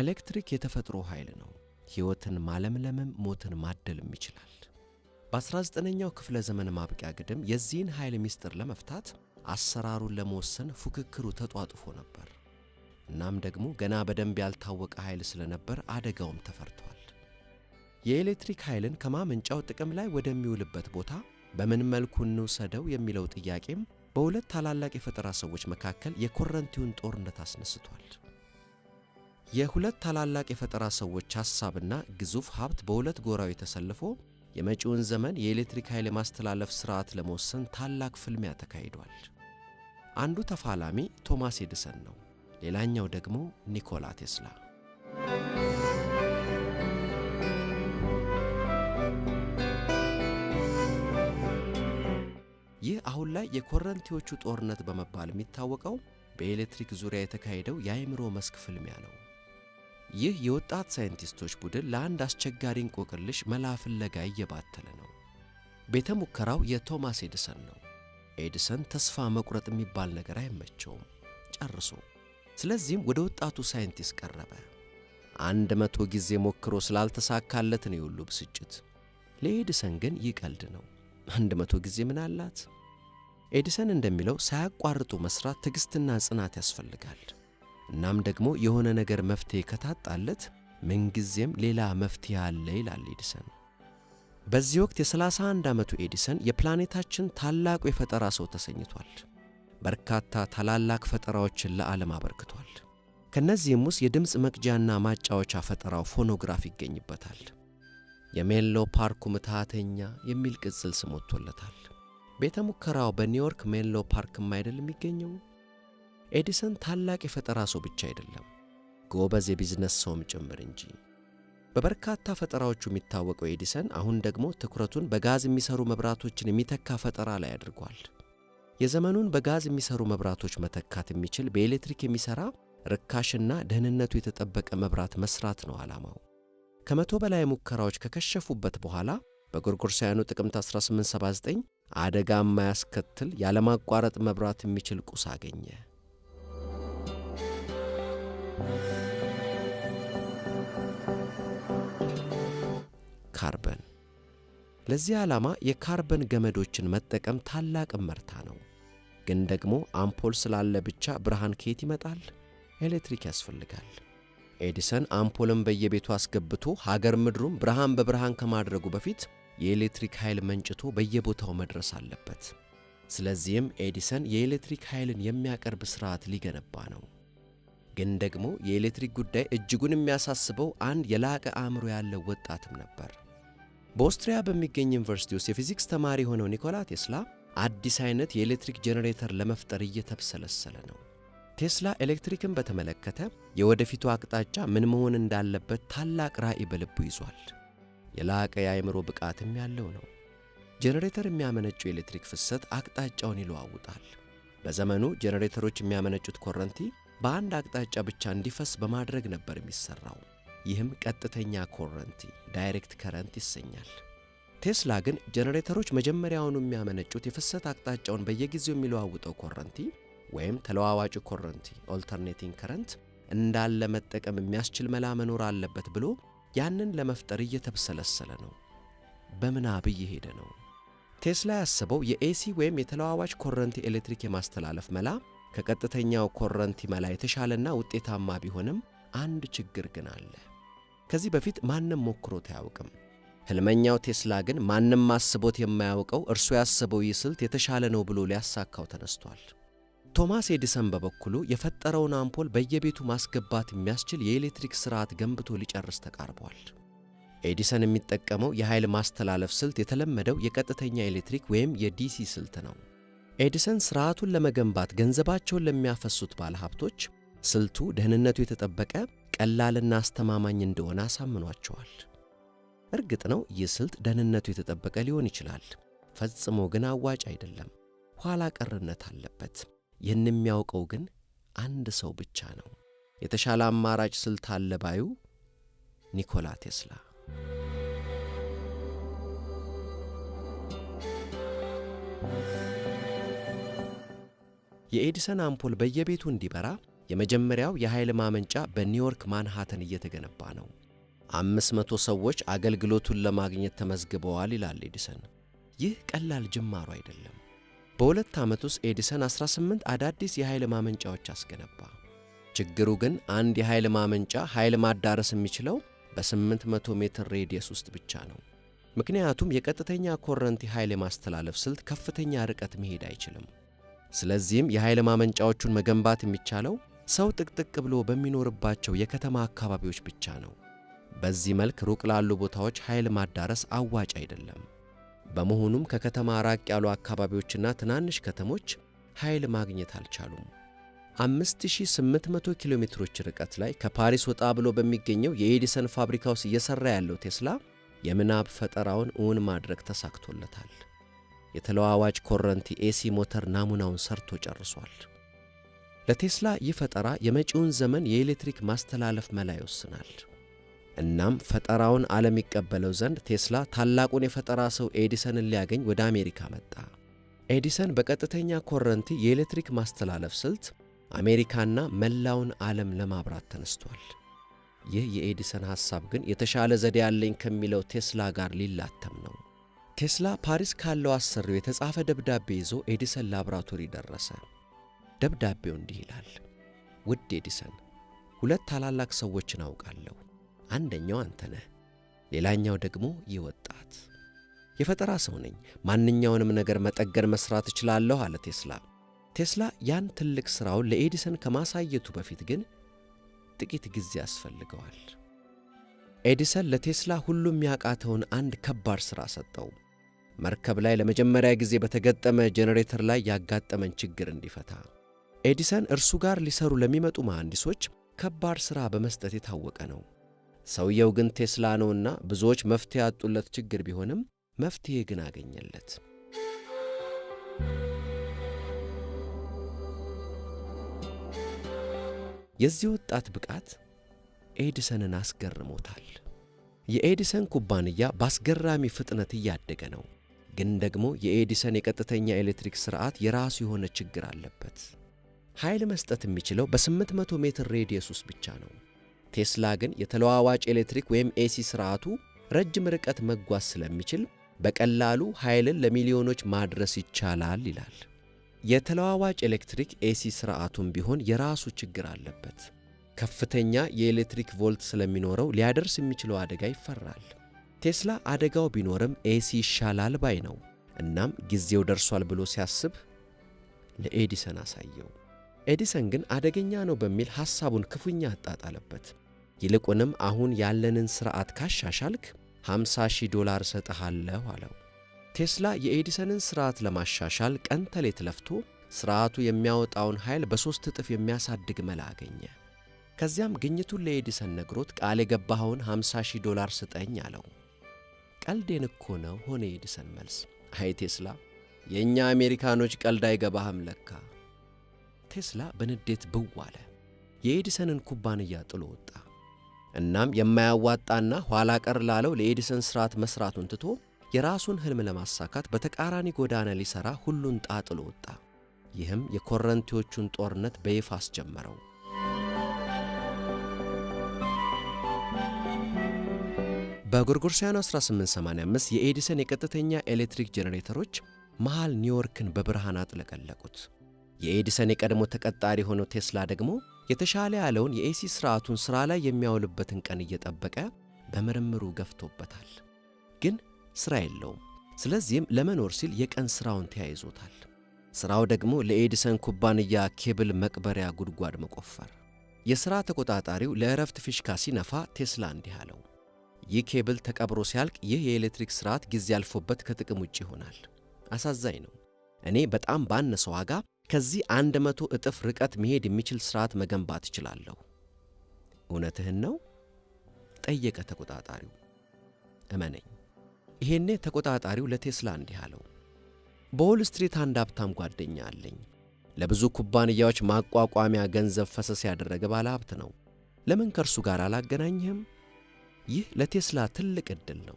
ኤሌክትሪክ የተፈጥሮ ኃይል ነው። ሕይወትን ማለምለምም ሞትን ማደልም ይችላል። በ19ኛው ክፍለ ዘመን ማብቂያ ግድም የዚህን ኃይል ምስጢር ለመፍታት አሰራሩን ለመወሰን ፉክክሩ ተጧጥፎ ነበር። እናም ደግሞ ገና በደንብ ያልታወቀ ኃይል ስለነበር አደጋውም ተፈርቷል። የኤሌክትሪክ ኃይልን ከማመንጫው ጥቅም ላይ ወደሚውልበት ቦታ በምን መልኩ እንውሰደው የሚለው ጥያቄም በሁለት ታላላቅ የፈጠራ ሰዎች መካከል የኮረንቲውን ጦርነት አስነስቷል። የሁለት ታላላቅ የፈጠራ ሰዎች ሐሳብና ግዙፍ ሀብት በሁለት ጎራዊ ተሰልፎ የመጪውን ዘመን የኤሌክትሪክ ኃይል የማስተላለፍ ሥርዓት ለመወሰን ታላቅ ፍልሚያ ተካሂዷል። አንዱ ተፋላሚ ቶማስ ኤዲሰን ነው፣ ሌላኛው ደግሞ ኒኮላ ቴስላ። ይህ አሁን ላይ የኮረንቲዎቹ ጦርነት በመባል የሚታወቀው በኤሌክትሪክ ዙሪያ የተካሄደው የአእምሮ መስክ ፍልሚያ ነው። ይህ የወጣት ሳይንቲስቶች ቡድን ለአንድ አስቸጋሪ እንቆቅልሽ መላ ፍለጋ እየባተለ ነው። ቤተ ሙከራው የቶማስ ኤድሰን ነው። ኤድሰን ተስፋ መቁረጥ የሚባል ነገር አይመቸውም ጨርሶ። ስለዚህም ወደ ወጣቱ ሳይንቲስት ቀረበ። አንድ መቶ ጊዜ ሞክሮ ስላልተሳካለት ነው የሁሉ ብስጭት። ለኤድሰን ግን ይቀልድ ነው። አንድ መቶ ጊዜ ምን አላት? ኤዲሰን እንደሚለው ሳያቋርጡ መስራት ትዕግሥትና ጽናት ያስፈልጋል። እናም ደግሞ የሆነ ነገር መፍትሄ ከታጣለት ምንጊዜም ሌላ መፍትሄ አለ ይላል ኤዲሰን። በዚህ ወቅት የ31 ዓመቱ ኤዲሰን የፕላኔታችን ታላቁ የፈጠራ ሰው ተሰኝቷል። በርካታ ታላላቅ ፈጠራዎችን ለዓለም አበርክቷል። ከእነዚህም ውስጥ የድምፅ መቅጃና ማጫወቻ ፈጠራው ፎኖግራፍ ይገኝበታል። የሜንሎ ፓርኩ ምትሃተኛ የሚል ቅጽል ስም ወጥቶለታል። ቤተ ሙከራው በኒውዮርክ ሜንሎ ፓርክ አይደል የሚገኘው? ኤዲሰን ታላቅ የፈጠራ ሰው ብቻ አይደለም፣ ጎበዝ የቢዝነስ ሰውም ጭምር እንጂ። በበርካታ ፈጠራዎቹ የሚታወቀው ኤዲሰን አሁን ደግሞ ትኩረቱን በጋዝ የሚሰሩ መብራቶችን የሚተካ ፈጠራ ላይ አድርጓል። የዘመኑን በጋዝ የሚሰሩ መብራቶች መተካት የሚችል በኤሌክትሪክ የሚሰራ ርካሽና ደህንነቱ የተጠበቀ መብራት መስራት ነው ዓላማው። ከመቶ በላይ ሙከራዎች ከከሸፉበት በኋላ በጎርጎርሳውያኑ ጥቅምት 1879 አደጋ የማያስከትል ያለማቋረጥ መብራት የሚችል ቁስ አገኘ። ካርበን ለዚህ ዓላማ የካርበን ገመዶችን መጠቀም ታላቅ እመርታ ነው። ግን ደግሞ አምፖል ስላለ ብቻ ብርሃን ከየት ይመጣል? ኤሌክትሪክ ያስፈልጋል። ኤዲሰን አምፖልን በየቤቱ አስገብቶ ሀገር ምድሩም ብርሃን በብርሃን ከማድረጉ በፊት የኤሌክትሪክ ኃይል መንጭቶ በየቦታው መድረስ አለበት። ስለዚህም ኤዲሰን የኤሌክትሪክ ኃይልን የሚያቀርብ ስርዓት ሊገነባ ነው። ግን ደግሞ የኤሌክትሪክ ጉዳይ እጅጉን የሚያሳስበው አንድ የላቀ አእምሮ ያለው ወጣትም ነበር። በኦስትሪያ በሚገኝ ዩኒቨርሲቲ ውስጥ የፊዚክስ ተማሪ የሆነው ኒኮላ ቴስላ አዲስ አይነት የኤሌክትሪክ ጄኔሬተር ለመፍጠር እየተብሰለሰለ ነው። ቴስላ ኤሌክትሪክን በተመለከተ የወደፊቱ አቅጣጫ ምን መሆን እንዳለበት ታላቅ ራዕይ በልቡ ይዟል። የላቀ የአእምሮ ብቃትም ያለው ነው። ጄኔሬተር የሚያመነጩ ኤሌክትሪክ ፍሰት አቅጣጫውን ይለዋውጣል። በዘመኑ ጄኔሬተሮች የሚያመነጩት ኮረንቲ በአንድ አቅጣጫ ብቻ እንዲፈስ በማድረግ ነበር የሚሰራው። ይህም ቀጥተኛ ኮረንቲ ዳይሬክት ከረንት ይሰኛል። ቴስላ ግን ጄኔሬተሮች መጀመሪያውኑ የሚያመነጩት የፍሰት አቅጣጫውን በየጊዜው የሚለዋውጠው ኮረንቲ ወይም ተለዋዋጭ ኮረንቲ ኦልተርኔቲንግ ከረንት እንዳለ መጠቀም የሚያስችል መላ መኖር አለበት ብሎ ያንን ለመፍጠር እየተብሰለሰለ ነው። በምናብ እየሄደ ነው። ቴስላ ያስበው የኤሲ ወይም የተለዋዋጭ ኮረንቲ ኤሌክትሪክ የማስተላለፍ መላ ከቀጥተኛው ኮረንቲ መላ የተሻለና ውጤታማ ቢሆንም አንድ ችግር ግን አለ። ከዚህ በፊት ማንም ሞክሮት አያውቅም። ሕልመኛው ቴስላ ግን ማንም አስቦት የማያውቀው እርሱ ያስበው ይህ ስልት የተሻለ ነው ብሎ ሊያሳካው ተነስቷል። ቶማስ ኤዲሰን በበኩሉ የፈጠረውን አምፖል በየቤቱ ማስገባት የሚያስችል የኤሌክትሪክ ስርዓት ገንብቶ ሊጨርስ ተቃርቧል። ኤዲሰን የሚጠቀመው የኃይል ማስተላለፍ ስልት የተለመደው የቀጥተኛ ኤሌክትሪክ ወይም የዲሲ ስልት ነው። ኤዲሰን ስርዓቱን ለመገንባት ገንዘባቸውን ለሚያፈሱት ባለሀብቶች ስልቱ ደህንነቱ የተጠበቀ ቀላልና አስተማማኝ እንደሆነ አሳምኗቸዋል። እርግጥ ነው ይህ ስልት ደህንነቱ የተጠበቀ ሊሆን ይችላል፣ ፈጽሞ ግን አዋጭ አይደለም። ኋላ ቀርነት አለበት። ይህን የሚያውቀው ግን አንድ ሰው ብቻ ነው። የተሻለ አማራጭ ስልት አለ ባዩ ኒኮላ ቴስላ። Thank you. የኤዲሰን አምፖል በየቤቱ እንዲበራ የመጀመሪያው የኃይል ማመንጫ በኒውዮርክ ማንሃተን እየተገነባ ነው። አምስት መቶ ሰዎች አገልግሎቱን ለማግኘት ተመዝግበዋል ይላል ኤዲሰን። ይህ ቀላል ጅማሩ አይደለም። በሁለት ዓመት ውስጥ ኤዲሰን 18 አዳዲስ የኃይል ማመንጫዎች አስገነባ። ችግሩ ግን አንድ የኃይል ማመንጫ ኃይል ማዳረስ የሚችለው በ800 ሜትር ሬዲየስ ውስጥ ብቻ ነው። ምክንያቱም የቀጥተኛ ኮረንቲ ኃይል የማስተላለፍ ስልት ከፍተኛ ርቀት መሄድ አይችልም። ስለዚህም የኃይል ማመንጫዎቹን መገንባት የሚቻለው ሰው ጥቅጥቅ ብሎ በሚኖርባቸው የከተማ አካባቢዎች ብቻ ነው። በዚህ መልክ ሩቅ ላሉ ቦታዎች ኃይል ማዳረስ አዋጭ አይደለም። በመሆኑም ከከተማ ራቅ ያሉ አካባቢዎችና ትናንሽ ከተሞች ኃይል ማግኘት አልቻሉም። 5800 ኪሎ ሜትሮች ርቀት ላይ ከፓሪስ ወጣ ብሎ በሚገኘው የኤዲሰን ፋብሪካ ውስጥ እየሠራ ያለው ቴስላ የምናብ ፈጠራውን እውን ማድረግ ተሳክቶለታል። የተለዋዋጭ ኮረንቲ ኤሲ ሞተር ናሙናውን ሰርቶ ጨርሷል። ለቴስላ ይህ ፈጠራ የመጪውን ዘመን የኤሌክትሪክ ማስተላለፍ መላ ይወስናል። እናም ፈጠራውን ዓለም ይቀበለው ዘንድ ቴስላ ታላቁን የፈጠራ ሰው ኤዲሰንን ሊያገኝ ወደ አሜሪካ መጣ። ኤዲሰን በቀጥተኛ ኮረንቲ የኤሌክትሪክ ማስተላለፍ ስልት አሜሪካና መላውን ዓለም ለማብራት ተነስቷል። ይህ የኤዲሰን ሐሳብ ግን የተሻለ ዘዴ ያለኝ ከሚለው ቴስላ ጋር ሊላተም ነው። ቴስላ ፓሪስ ካለው አሰሪው የተጻፈ ደብዳቤ ይዞ ኤዲሰን ላብራቶሪ ደረሰ። ደብዳቤው እንዲህ ይላል። ውድ ኤዲሰን፣ ሁለት ታላላቅ ሰዎችን አውቃለሁ። አንደኛው አንተ ነህ፣ ሌላኛው ደግሞ ይህ ወጣት። የፈጠራ ሰው ነኝ፣ ማንኛውንም ነገር መጠገን መስራት እችላለሁ አለ ቴስላ። ቴስላ ያን ትልቅ ሥራውን ለኤዲሰን ከማሳየቱ በፊት ግን ጥቂት ጊዜ ያስፈልገዋል። ኤዲሰን ለቴስላ ሁሉም ያቃተውን አንድ ከባድ ሥራ ሰጠው። መርከብ ላይ ለመጀመሪያ ጊዜ በተገጠመ ጄኔሬተር ላይ ያጋጠመን ችግር እንዲፈታ። ኤዲሰን እርሱ ጋር ሊሰሩ ለሚመጡ መሐንዲሶች ከባድ ሥራ በመስጠት የታወቀ ነው። ሰውየው ግን ቴስላ ነውና ብዙዎች መፍትሄ ያጡለት ችግር ቢሆንም መፍትሄ ግን አገኘለት። የዚህ ወጣት ብቃት ኤዲሰንን አስገርሞታል። የኤዲሰን ኩባንያ በአስገራሚ ፍጥነት እያደገ ነው። ግን ደግሞ የኤዲሰን የቀጥተኛ ኤሌክትሪክ ስርዓት የራሱ የሆነ ችግር አለበት። ኃይል መስጠት የሚችለው በ800 ሜትር ሬዲየስ ውስጥ ብቻ ነው። ቴስላ ግን የተለዋዋጭ ኤሌክትሪክ ወይም ኤሲ ስርዓቱ ረጅም ርቀት መጓዝ ስለሚችል በቀላሉ ኃይልን ለሚሊዮኖች ማድረስ ይቻላል ይላል። የተለዋዋጭ ኤሌክትሪክ ኤሲ ስርዓቱም ቢሆን የራሱ ችግር አለበት። ከፍተኛ የኤሌክትሪክ ቮልት ስለሚኖረው ሊያደርስ የሚችለው አደጋ ይፈራል። ቴስላ አደጋው ቢኖርም ኤሲ ይሻላል ባይ ነው። እናም ጊዜው ደርሷል ብሎ ሲያስብ ለኤዲሰን አሳየው። ኤዲሰን ግን አደገኛ ነው በሚል ሐሳቡን ክፉኛ አጣጣለበት። ይልቁንም አሁን ያለንን ሥርዓት ካሻሻልክ 50 ሺህ ዶላር እሰጥሃለሁ አለው። ቴስላ የኤዲሰንን ሥርዓት ለማሻሻል ቀን ተሌት ለፍቶ ሥርዓቱ የሚያወጣውን ኃይል በሦስት እጥፍ የሚያሳድግ መላ አገኘ። ከዚያም ግኝቱን ለኤዲሰን ነግሮት ቃል የገባኸውን 50 ሺህ ዶላር ስጠኝ አለው። ቀልዴን እኮ ነው ሆነ የኤዲሰን መልስ። አይ ቴስላ፣ የእኛ አሜሪካኖች ቀልድ አይገባህም ለካ። ቴስላ በንዴት ብው አለ። የኤዲሰንን ኩባንያ ጥሎ ወጣ። እናም የማያዋጣና ኋላ ቀር ላለው ለኤዲሰን ስርዓት መስራቱን ትቶ የራሱን ህልም ለማሳካት በተቃራኒ ጎዳና ሊሰራ ሁሉን ጣጥሎ ወጣ። ይህም የኮረንቲዎቹን ጦርነት በይፋ አስጀመረው። በጎርጎርሳውያኑ 1885 የኤዲሰን የቀጥተኛ ኤሌክትሪክ ጄኔሬተሮች መሃል ኒውዮርክን በብርሃን አጥለቀለቁት። የኤዲሰን የቀድሞ ተቀጣሪ የሆነው ቴስላ ደግሞ የተሻለ ያለውን የኤሲ ስርዓቱን ሥራ ላይ የሚያውልበትን ቀን እየጠበቀ በምርምሩ ገፍቶበታል። ግን ሥራ የለውም። ስለዚህም ለመኖር ሲል የቀን ሥራውን ተያይዞታል። ሥራው ደግሞ ለኤዲሰን ኩባንያ ኬብል መቅበሪያ ጉድጓድ መቆፈር። የሥራ ተቆጣጣሪው ለእረፍት ፊሽካ ሲነፋ ቴስላ እንዲህ አለው ይህ ኬብል ተቀብሮ ሲያልቅ ይህ የኤሌክትሪክ ስርዓት ጊዜ ያልፎበት ከጥቅም ውጭ ይሆናል። አሳዛኝ ነው። እኔ በጣም ባነሰ ዋጋ ከዚህ አንድ መቶ እጥፍ ርቀት መሄድ የሚችል ስርዓት መገንባት እችላለሁ። እውነትህን ነው? ጠየቀ ተቆጣጣሪው። እመነኝ። ይሄኔ ተቆጣጣሪው ለቴስላ እንዲህ አለው፣ በዎል ስትሪት አንድ ሀብታም ጓደኛ አለኝ። ለብዙ ኩባንያዎች ማቋቋሚያ ገንዘብ ፈሰስ ያደረገ ባለ ሀብት ነው። ለምን ከእርሱ ጋር አላገናኝህም? ይህ ለቴስላ ትልቅ ዕድል ነው።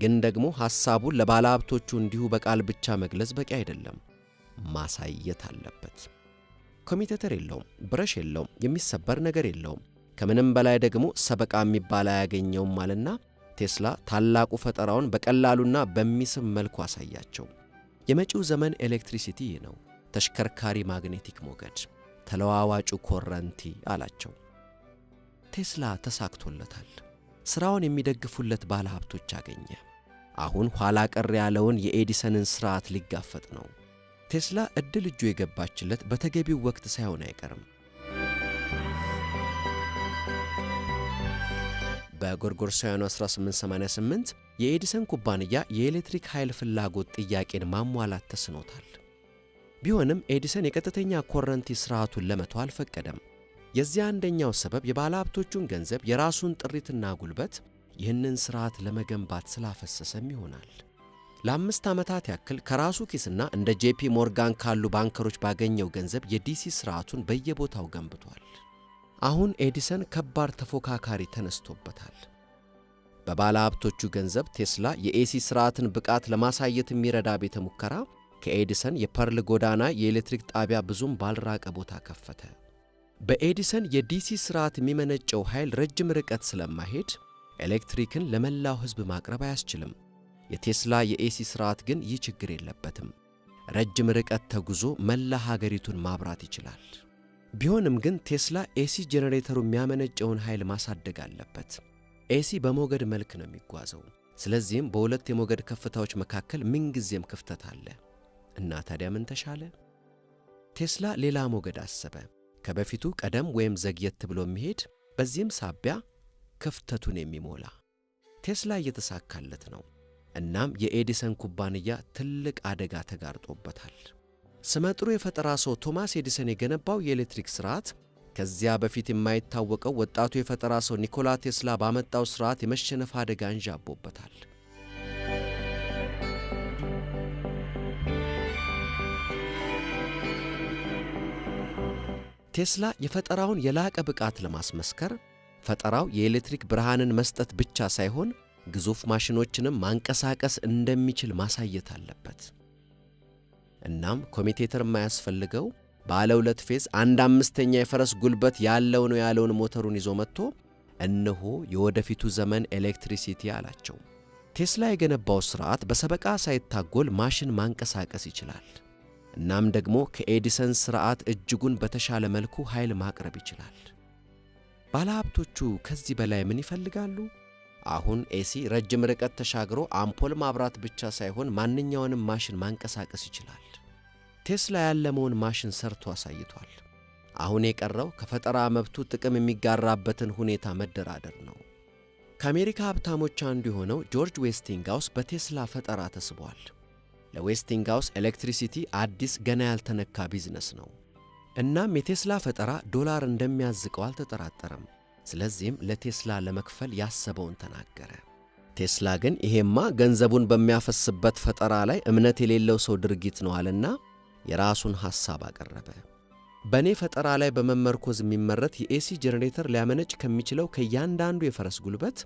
ግን ደግሞ ሐሳቡን ለባለሀብቶቹ እንዲሁ በቃል ብቻ መግለጽ በቂ አይደለም፣ ማሳየት አለበት። ኮሚቴተር የለውም፣ ብረሽ የለውም፣ የሚሰበር ነገር የለውም። ከምንም በላይ ደግሞ ሰበቃ የሚባል አያገኘውም አለና ቴስላ ታላቁ ፈጠራውን በቀላሉና በሚስብ መልኩ አሳያቸው። የመጪው ዘመን ኤሌክትሪሲቲ ነው፣ ተሽከርካሪ ማግኔቲክ ሞገድ፣ ተለዋዋጩ ኮረንቲ አላቸው። ቴስላ ተሳክቶለታል። ሥራውን የሚደግፉለት ባለሀብቶች አገኘ። አሁን ኋላ ቀር ያለውን የኤዲሰንን ሥርዓት ሊጋፈጥ ነው። ቴስላ ዕድል እጁ የገባችለት በተገቢው ወቅት ሳይሆን አይቀርም። በጎርጎሮሳውያኑ 1888 የኤዲሰን ኩባንያ የኤሌክትሪክ ኃይል ፍላጎት ጥያቄን ማሟላት ተስኖታል። ቢሆንም ኤዲሰን የቀጥተኛ ኮረንቲ ሥርዓቱን ለመተው አልፈቀደም። የዚህ አንደኛው ሰበብ የባለሀብቶቹን ገንዘብ የራሱን ጥሪትና ጉልበት ይህንን ስርዓት ለመገንባት ስላፈሰሰም ይሆናል። ለአምስት ዓመታት ያክል ከራሱ ኪስና እንደ ጄፒ ሞርጋን ካሉ ባንከሮች ባገኘው ገንዘብ የዲሲ ስርዓቱን በየቦታው ገንብቷል። አሁን ኤዲሰን ከባድ ተፎካካሪ ተነስቶበታል። በባለ ሀብቶቹ ገንዘብ ቴስላ የኤሲ ስርዓትን ብቃት ለማሳየት የሚረዳ ቤተ ሙከራ ከኤዲሰን የፐርል ጎዳና የኤሌክትሪክ ጣቢያ ብዙም ባልራቀ ቦታ ከፈተ። በኤዲሰን የዲሲ ስርዓት የሚመነጨው ኃይል ረጅም ርቀት ስለማይሄድ ኤሌክትሪክን ለመላው ሕዝብ ማቅረብ አያስችልም። የቴስላ የኤሲ ስርዓት ግን ይህ ችግር የለበትም። ረጅም ርቀት ተጉዞ መላ ሀገሪቱን ማብራት ይችላል። ቢሆንም ግን ቴስላ ኤሲ ጄኔሬተሩ የሚያመነጨውን ኃይል ማሳደግ አለበት። ኤሲ በሞገድ መልክ ነው የሚጓዘው። ስለዚህም በሁለት የሞገድ ከፍታዎች መካከል ምንጊዜም ክፍተት አለ እና ታዲያ ምን ተሻለ? ቴስላ ሌላ ሞገድ አሰበ። ከበፊቱ ቀደም ወይም ዘግየት ብሎ የሚሄድ በዚህም ሳቢያ ክፍተቱን የሚሞላ ቴስላ እየተሳካለት ነው። እናም የኤዲሰን ኩባንያ ትልቅ አደጋ ተጋርጦበታል። ስመጥሩ የፈጠራ ሰው ቶማስ ኤዲሰን የገነባው የኤሌክትሪክ ስርዓት ከዚያ በፊት የማይታወቀው ወጣቱ የፈጠራ ሰው ኒኮላ ቴስላ ባመጣው ስርዓት የመሸነፍ አደጋ እንዣቦበታል። ቴስላ የፈጠራውን የላቀ ብቃት ለማስመስከር ፈጠራው የኤሌክትሪክ ብርሃንን መስጠት ብቻ ሳይሆን ግዙፍ ማሽኖችንም ማንቀሳቀስ እንደሚችል ማሳየት አለበት። እናም ኮሚቴተር የማያስፈልገው ባለ ሁለት ፌዝ አንድ አምስተኛ የፈረስ ጉልበት ያለው ነው ያለውን ሞተሩን ይዞ መጥቶ እነሆ የወደፊቱ ዘመን ኤሌክትሪሲቲ አላቸው። ቴስላ የገነባው ስርዓት በሰበቃ ሳይታጎል ማሽን ማንቀሳቀስ ይችላል። እናም ደግሞ ከኤዲሰን ሥርዓት እጅጉን በተሻለ መልኩ ኃይል ማቅረብ ይችላል። ባለሀብቶቹ ከዚህ በላይ ምን ይፈልጋሉ? አሁን ኤሲ ረጅም ርቀት ተሻግሮ አምፖል ማብራት ብቻ ሳይሆን ማንኛውንም ማሽን ማንቀሳቀስ ይችላል። ቴስላ ያለመውን ማሽን ሰርቶ አሳይቷል። አሁን የቀረው ከፈጠራ መብቱ ጥቅም የሚጋራበትን ሁኔታ መደራደር ነው። ከአሜሪካ ሀብታሞች አንዱ የሆነው ጆርጅ ዌስቲንጋውስ በቴስላ ፈጠራ ተስቧል። ለዌስቲንግሃውስ ኤሌክትሪሲቲ አዲስ ገና ያልተነካ ቢዝነስ ነው። እናም የቴስላ ፈጠራ ዶላር እንደሚያዝቀው አልተጠራጠረም። ስለዚህም ለቴስላ ለመክፈል ያሰበውን ተናገረ። ቴስላ ግን ይሄማ ገንዘቡን በሚያፈስበት ፈጠራ ላይ እምነት የሌለው ሰው ድርጊት ነው አለና የራሱን ሐሳብ አቀረበ። በእኔ ፈጠራ ላይ በመመርኮዝ የሚመረት የኤሲ ጄኔሬተር ሊያመነጭ ከሚችለው ከእያንዳንዱ የፈረስ ጉልበት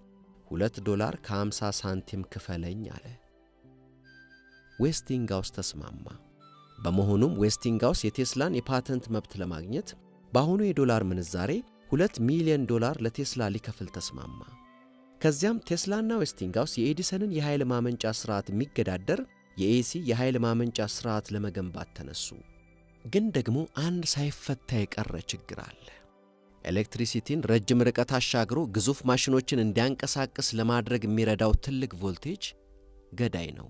ሁለት ዶላር ከ50 ሳንቲም ክፈለኝ አለ። ዌስቲንጋውስ ተስማማ። በመሆኑም ዌስቲንጋውስ የቴስላን የፓተንት መብት ለማግኘት በአሁኑ የዶላር ምንዛሬ 2 ሚሊዮን ዶላር ለቴስላ ሊከፍል ተስማማ። ከዚያም ቴስላና ዌስቲንጋውስ የኤዲሰንን የኃይል ማመንጫ ሥርዓት የሚገዳደር የኤሲ የኃይል ማመንጫ ሥርዓት ለመገንባት ተነሱ። ግን ደግሞ አንድ ሳይፈታ የቀረ ችግር አለ። ኤሌክትሪሲቲን ረጅም ርቀት አሻግሮ ግዙፍ ማሽኖችን እንዲያንቀሳቅስ ለማድረግ የሚረዳው ትልቅ ቮልቴጅ ገዳይ ነው።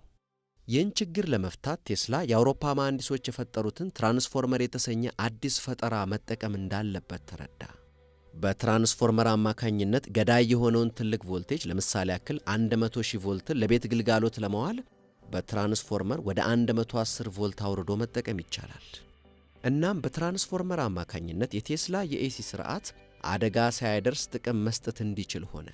ይህን ችግር ለመፍታት ቴስላ የአውሮፓ መሐንዲሶች የፈጠሩትን ትራንስፎርመር የተሰኘ አዲስ ፈጠራ መጠቀም እንዳለበት ተረዳ። በትራንስፎርመር አማካኝነት ገዳይ የሆነውን ትልቅ ቮልቴጅ ለምሳሌ ያክል 100 ሺህ ቮልትን ለቤት ግልጋሎት ለመዋል በትራንስፎርመር ወደ 110 ቮልት አውርዶ መጠቀም ይቻላል። እናም በትራንስፎርመር አማካኝነት የቴስላ የኤሲ ስርዓት አደጋ ሳያደርስ ጥቅም መስጠት እንዲችል ሆነ።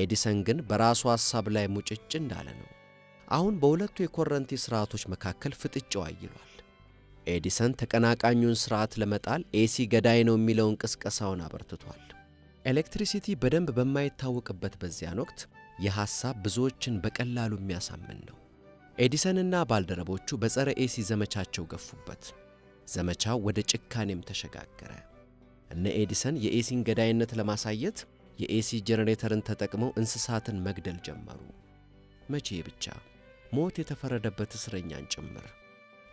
ኤዲሰን ግን በራሱ ሐሳብ ላይ ሙጭጭ እንዳለ ነው። አሁን በሁለቱ የኮረንቲ ሥርዓቶች መካከል ፍጥጫው አይሏል። ኤዲሰን ተቀናቃኙን ሥርዓት ለመጣል ኤሲ ገዳይ ነው የሚለውን ቅስቀሳውን አበርትቷል። ኤሌክትሪሲቲ በደንብ በማይታወቅበት በዚያን ወቅት የሐሳብ ብዙዎችን በቀላሉ የሚያሳምን ነው። ኤዲሰንና ባልደረቦቹ በጸረ ኤሲ ዘመቻቸው ገፉበት። ዘመቻው ወደ ጭካኔም ተሸጋገረ። እነ ኤዲሰን የኤሲን ገዳይነት ለማሳየት የኤሲ ጄኔሬተርን ተጠቅመው እንስሳትን መግደል ጀመሩ። መቼ ብቻ ሞት የተፈረደበት እስረኛን ጭምር።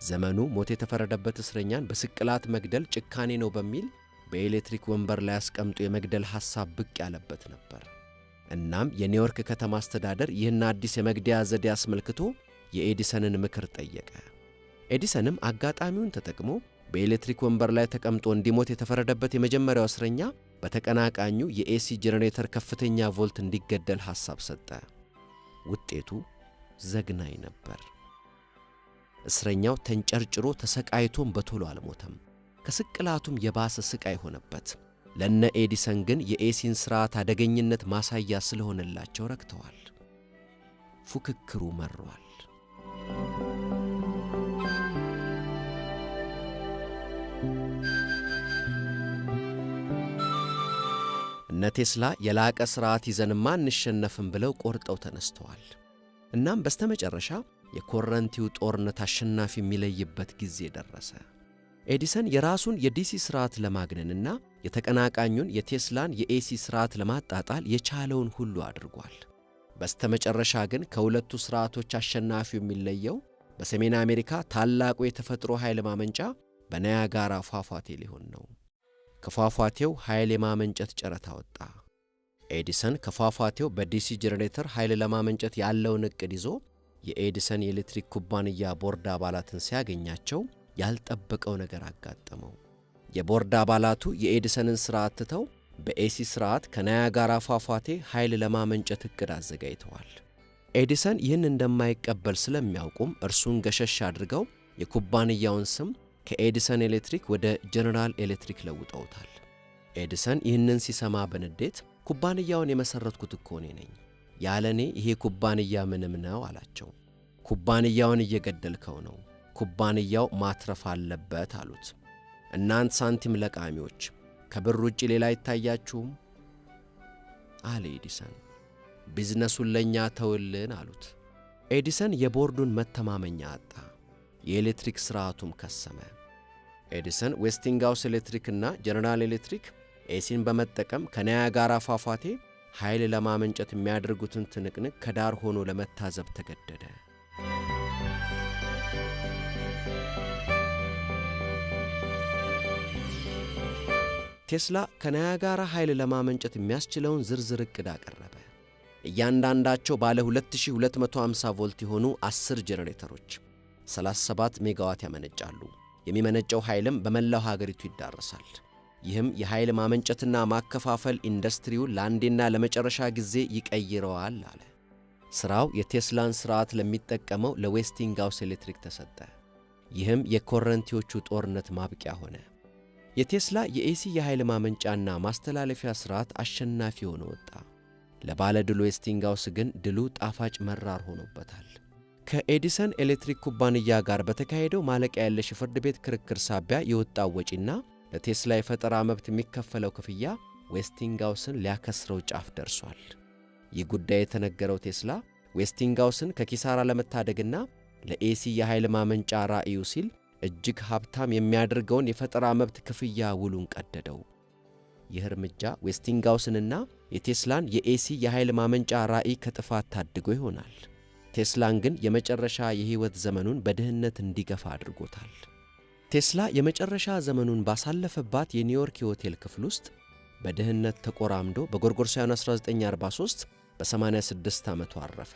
ዘመኑ ሞት የተፈረደበት እስረኛን በስቅላት መግደል ጭካኔ ነው በሚል በኤሌክትሪክ ወንበር ላይ አስቀምጦ የመግደል ሐሳብ ብቅ ያለበት ነበር። እናም የኒውዮርክ ከተማ አስተዳደር ይህን አዲስ የመግደያ ዘዴ አስመልክቶ የኤዲሰንን ምክር ጠየቀ። ኤዲሰንም አጋጣሚውን ተጠቅሞ በኤሌክትሪክ ወንበር ላይ ተቀምጦ እንዲሞት የተፈረደበት የመጀመሪያው እስረኛ በተቀናቃኙ የኤሲ ጄኔሬተር ከፍተኛ ቮልት እንዲገደል ሐሳብ ሰጠ። ውጤቱ ዘግናኝ ነበር። እስረኛው ተንጨርጭሮ ተሰቃይቶም በቶሎ አልሞተም። ከስቅላቱም የባሰ ስቃይ ሆነበት። ለነ ኤዲሰን ግን የኤሲን ሥርዓት አደገኝነት ማሳያ ስለሆነላቸው ረክተዋል። ፉክክሩ መሯል። እነ ቴስላ የላቀ ሥርዓት ይዘንማ አንሸነፍም ብለው ቆርጠው ተነስተዋል። እናም በስተመጨረሻ የኮረንቲው ጦርነት አሸናፊ የሚለይበት ጊዜ ደረሰ። ኤዲሰን የራሱን የዲሲ ሥርዓት ለማግነንና የተቀናቃኙን የቴስላን የኤሲ ሥርዓት ለማጣጣል የቻለውን ሁሉ አድርጓል። በስተመጨረሻ ግን ከሁለቱ ሥርዓቶች አሸናፊው የሚለየው በሰሜን አሜሪካ ታላቁ የተፈጥሮ ኃይል ማመንጫ በናያጋራ ፏፏቴ ሊሆን ነው። ከፏፏቴው ኃይል የማመንጨት ጨረታ ወጣ። ኤዲሰን ከፏፏቴው በዲሲ ጄኔሬተር ኃይል ለማመንጨት ያለውን እቅድ ይዞ የኤዲሰን የኤሌክትሪክ ኩባንያ ቦርድ አባላትን ሲያገኛቸው ያልጠበቀው ነገር አጋጠመው። የቦርድ አባላቱ የኤዲሰንን ሥራ አትተው በኤሲ ሥርዓት ከናያጋራ ፏፏቴ ኃይል ለማመንጨት እቅድ አዘጋጅተዋል። ኤዲሰን ይህን እንደማይቀበል ስለሚያውቁም እርሱን ገሸሽ አድርገው የኩባንያውን ስም ከኤዲሰን ኤሌክትሪክ ወደ ጀነራል ኤሌክትሪክ ለውጠውታል። ኤዲሰን ይህንን ሲሰማ በንዴት ኩባንያውን የመሠረትኩት እኮ እኔ ነኝ፣ ያለ እኔ ይሄ ኩባንያ ምንም ነው አላቸው። ኩባንያውን እየገደልከው ነው፣ ኩባንያው ማትረፍ አለበት አሉት። እናንት ሳንቲም ለቃሚዎች ከብር ውጭ ሌላ አይታያችሁም አለ ኤዲሰን። ቢዝነሱን ለእኛ ተውልን አሉት። ኤዲሰን የቦርዱን መተማመኛ አጣ፣ የኤሌክትሪክ ሥርዓቱም ከሰመ። ኤዲሰን ዌስቲንጋውስ ኤሌክትሪክና ጀነራል ኤሌክትሪክ ኤሲን በመጠቀም ከናያጋራ ፏፏቴ ኃይል ለማመንጨት የሚያደርጉትን ትንቅንቅ ከዳር ሆኖ ለመታዘብ ተገደደ። ቴስላ ከናያጋራ ኃይል ለማመንጨት የሚያስችለውን ዝርዝር ዕቅድ አቀረበ። እያንዳንዳቸው ባለ 2250 ቮልት የሆኑ 10 ጄኔሬተሮች 37 ሜጋዋት ያመነጫሉ። የሚመነጨው ኃይልም በመላው ሀገሪቱ ይዳረሳል። ይህም የኃይል ማመንጨትና ማከፋፈል ኢንዱስትሪው ለአንዴና ለመጨረሻ ጊዜ ይቀይረዋል አለ። ሥራው የቴስላን ሥርዓት ለሚጠቀመው ለዌስቲንጋውስ ኤሌክትሪክ ተሰጠ። ይህም የኮረንቲዎቹ ጦርነት ማብቂያ ሆነ። የቴስላ የኤሲ የኃይል ማመንጫና ማስተላለፊያ ሥርዓት አሸናፊ ሆኖ ወጣ። ለባለ ድሉ ዌስቲንጋውስ ግን ድሉ ጣፋጭ መራር ሆኖበታል። ከኤዲሰን ኤሌክትሪክ ኩባንያ ጋር በተካሄደው ማለቂያ ያለሽ ፍርድ ቤት ክርክር ሳቢያ የወጣው ወጪና ለቴስላ የፈጠራ መብት የሚከፈለው ክፍያ ዌስቲንጋውስን ሊያከስረው ጫፍ ደርሷል። ይህ ጉዳይ የተነገረው ቴስላ ዌስቲንጋውስን ከኪሳራ ለመታደግና ለኤሲ የኃይል ማመንጫ ራዕዩ ሲል እጅግ ሀብታም የሚያደርገውን የፈጠራ መብት ክፍያ ውሉን ቀደደው። ይህ እርምጃ ዌስቲንጋውስንና የቴስላን የኤሲ የኃይል ማመንጫ ራዕይ ከጥፋት ታድጎ ይሆናል። ቴስላን ግን የመጨረሻ የሕይወት ዘመኑን በድህነት እንዲገፋ አድርጎታል። ቴስላ የመጨረሻ ዘመኑን ባሳለፈባት የኒውዮርክ የሆቴል ክፍል ውስጥ በድህነት ተቆራምዶ በጎርጎሮሳውያኑ 1943 በ86 ዓመቱ አረፈ።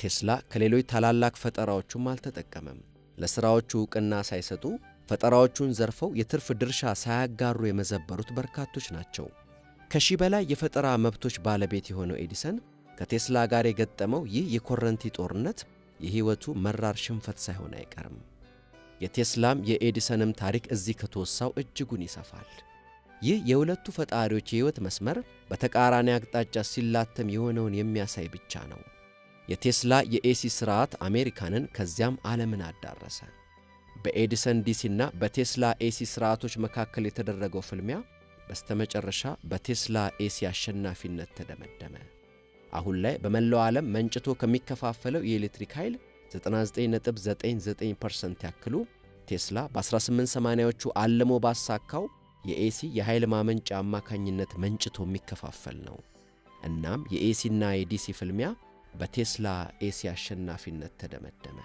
ቴስላ ከሌሎች ታላላቅ ፈጠራዎቹም አልተጠቀመም። ለሥራዎቹ ዕውቅና ሳይሰጡ ፈጠራዎቹን ዘርፈው የትርፍ ድርሻ ሳያጋሩ የመዘበሩት በርካቶች ናቸው። ከሺህ በላይ የፈጠራ መብቶች ባለቤት የሆነው ኤዲሰን ከቴስላ ጋር የገጠመው ይህ የኮረንቲ ጦርነት የሕይወቱ መራር ሽንፈት ሳይሆን አይቀርም። የቴስላም የኤዲሰንም ታሪክ እዚህ ከተወሳው እጅጉን ይሰፋል። ይህ የሁለቱ ፈጣሪዎች የሕይወት መስመር በተቃራኒ አቅጣጫ ሲላተም የሆነውን የሚያሳይ ብቻ ነው። የቴስላ የኤሲ ሥርዓት አሜሪካንን ከዚያም ዓለምን አዳረሰ። በኤዲሰን ዲሲና በቴስላ ኤሲ ሥርዓቶች መካከል የተደረገው ፍልሚያ በስተመጨረሻ በቴስላ ኤሲ አሸናፊነት ተደመደመ። አሁን ላይ በመላው ዓለም መንጭቶ ከሚከፋፈለው የኤሌክትሪክ ኃይል 99.99% ያክሉ ቴስላ በ1880ዎቹ አልሞ ባሳካው የኤሲ የኃይል ማመንጫ አማካኝነት መንጭቶ የሚከፋፈል ነው። እናም የኤሲና የዲሲ ፍልሚያ በቴስላ ኤሲ አሸናፊነት ተደመደመ።